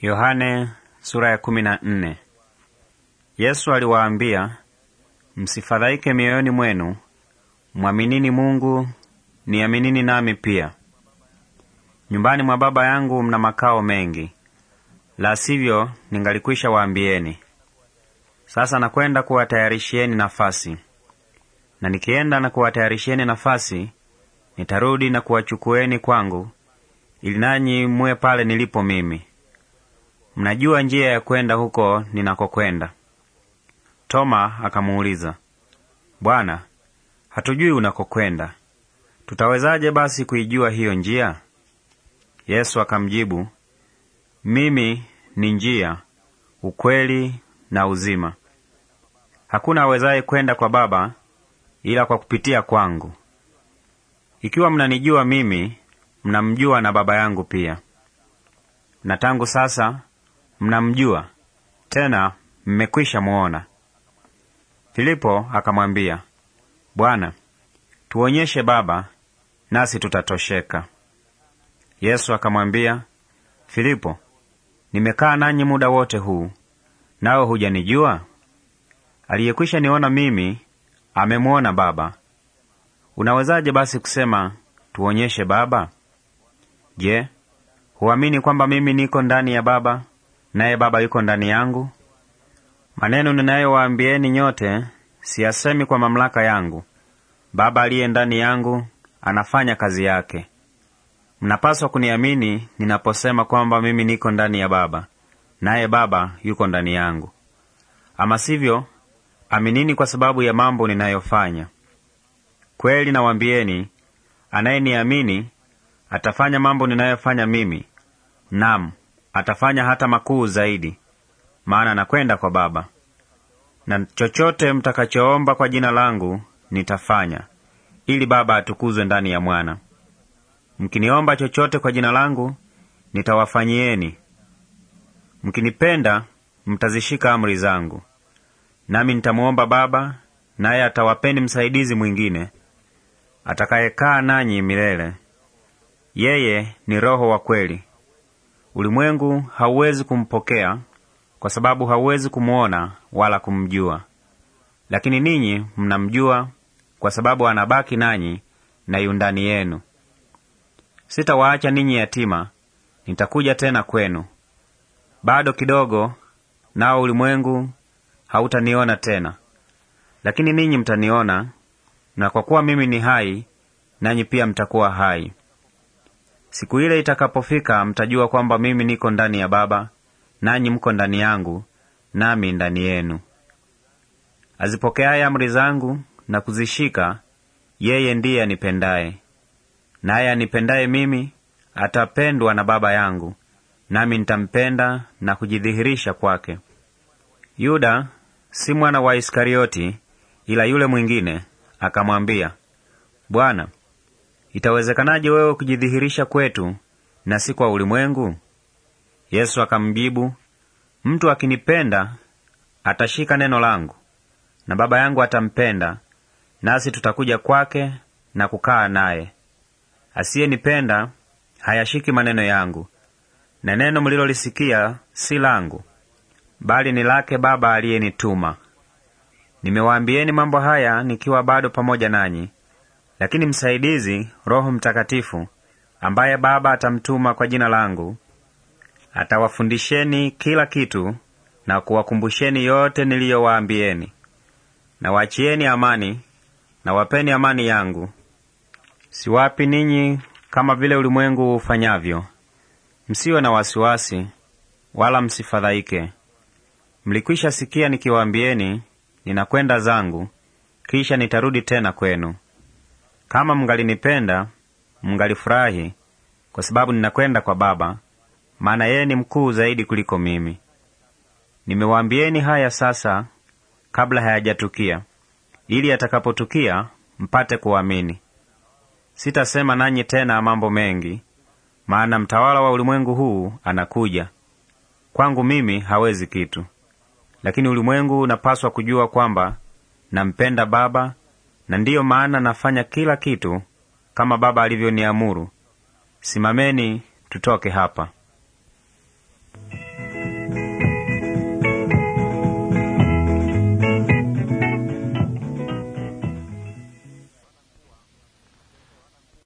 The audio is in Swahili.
Yohane sura ya kumi na nne. Yesu aliwaambia, msifadhaike mioyoni mwenu, mwaminini Mungu, niaminini nami pia. Nyumbani mwa Baba yangu mna makao mengi, la sivyo ningalikwisha waambieni. Sasa nakwenda kuwatayarishieni nafasi, na nikienda na kuwatayarishieni nafasi, nitarudi na kuwachukueni kwangu, ili nanyi muwe pale nilipo mimi mnajua njia ya kwenda huko ninakokwenda. Toma akamuuliza, Bwana, hatujui unakokwenda, tutawezaje basi kuijua hiyo njia? Yesu akamjibu, mimi ni njia, ukweli na uzima. Hakuna awezaye kwenda kwa Baba ila kwa kupitia kwangu. Ikiwa mnanijua mimi, mnamjua na Baba yangu pia. Na tangu sasa mnamjua tena mmekwisha mwona. Filipo akamwambia, Bwana, tuonyeshe Baba nasi tutatosheka. Yesu akamwambia, Filipo, nimekaa nanyi muda wote huu, nawe hujanijua? Aliyekwisha niona mimi amemwona Baba. Unawezaje basi kusema tuonyeshe Baba? Je, huamini kwamba mimi niko ndani ya Baba naye Baba yuko ndani yangu. Maneno ninayowaambieni nyote siyasemi kwa mamlaka yangu. Baba aliye ndani yangu anafanya kazi yake. Mnapaswa kuniamini ninaposema kwamba mimi niko ndani ya Baba naye Baba yuko ndani yangu. Ama sivyo, aminini kwa sababu ya mambo ninayofanya. Kweli nawaambieni, anayeniamini atafanya mambo ninayofanya mimi, nam atafanya hata makuu zaidi, maana nakwenda kwa Baba. Na chochote mtakachoomba kwa jina langu nitafanya, ili Baba atukuzwe ndani ya Mwana. Mkiniomba chochote kwa jina langu nitawafanyieni. Mkinipenda mtazishika amri zangu. Nami nitamuomba Baba, naye atawapeni msaidizi mwingine atakayekaa nanyi milele. Yeye ni Roho wa kweli, Ulimwengu hauwezi kumpokea kwa sababu hauwezi kumwona wala kumjua. Lakini ninyi mnamjua kwa sababu anabaki nanyi na yu ndani yenu. Sitawaacha ninyi yatima, nitakuja tena kwenu. Bado kidogo, nao ulimwengu hautaniona tena, lakini ninyi mtaniona, na kwa kuwa mimi ni hai, nanyi pia mtakuwa hai. Siku ile itakapofika, mtajua kwamba mimi niko ndani ya Baba, nanyi mko ndani yangu, nami ndani yenu. Azipokeaye amri zangu na kuzishika, yeye ndiye anipendaye, naye anipendaye mimi atapendwa na Baba yangu, nami nitampenda na kujidhihirisha kwake. Yuda si mwana wa Iskarioti, ila yule mwingine, akamwambia, Bwana, itawezekanaje wewe kujidhihirisha kwetu na si kwa ulimwengu? Yesu akamjibu, mtu akinipenda atashika neno langu, na Baba yangu atampenda, nasi tutakuja kwake na kukaa naye. Asiyenipenda hayashiki maneno yangu, na neno mlilolisikia si langu, bali ni lake Baba aliyenituma. Nimewaambieni mambo haya nikiwa bado pamoja nanyi. Lakini msaidizi, Roho Mtakatifu, ambaye Baba atamtuma kwa jina langu, atawafundisheni kila kitu na kuwakumbusheni yote niliyowaambieni. Na amani, na wapeni amani yangu. Siwapi ninyi kama vile ulimwengu ufanyavyo. Msiwe na wasiwasi wala msifadhaike. Mlikwisha sikia nikiwaambieni, ninakwenda zangu, kisha nitarudi tena kwenu. Kama mngalinipenda mngalifurahi, kwa sababu ninakwenda kwa Baba, maana yeye ni mkuu zaidi kuliko mimi. Nimewaambieni haya sasa kabla hayajatukia, ili yatakapotukia mpate kuamini. Sitasema nanyi tena mambo mengi, maana mtawala wa ulimwengu huu anakuja. Kwangu mimi hawezi kitu, lakini ulimwengu unapaswa kujua kwamba nampenda Baba na ndiyo maana nafanya kila kitu kama Baba alivyoniamuru. Simameni, tutoke hapa.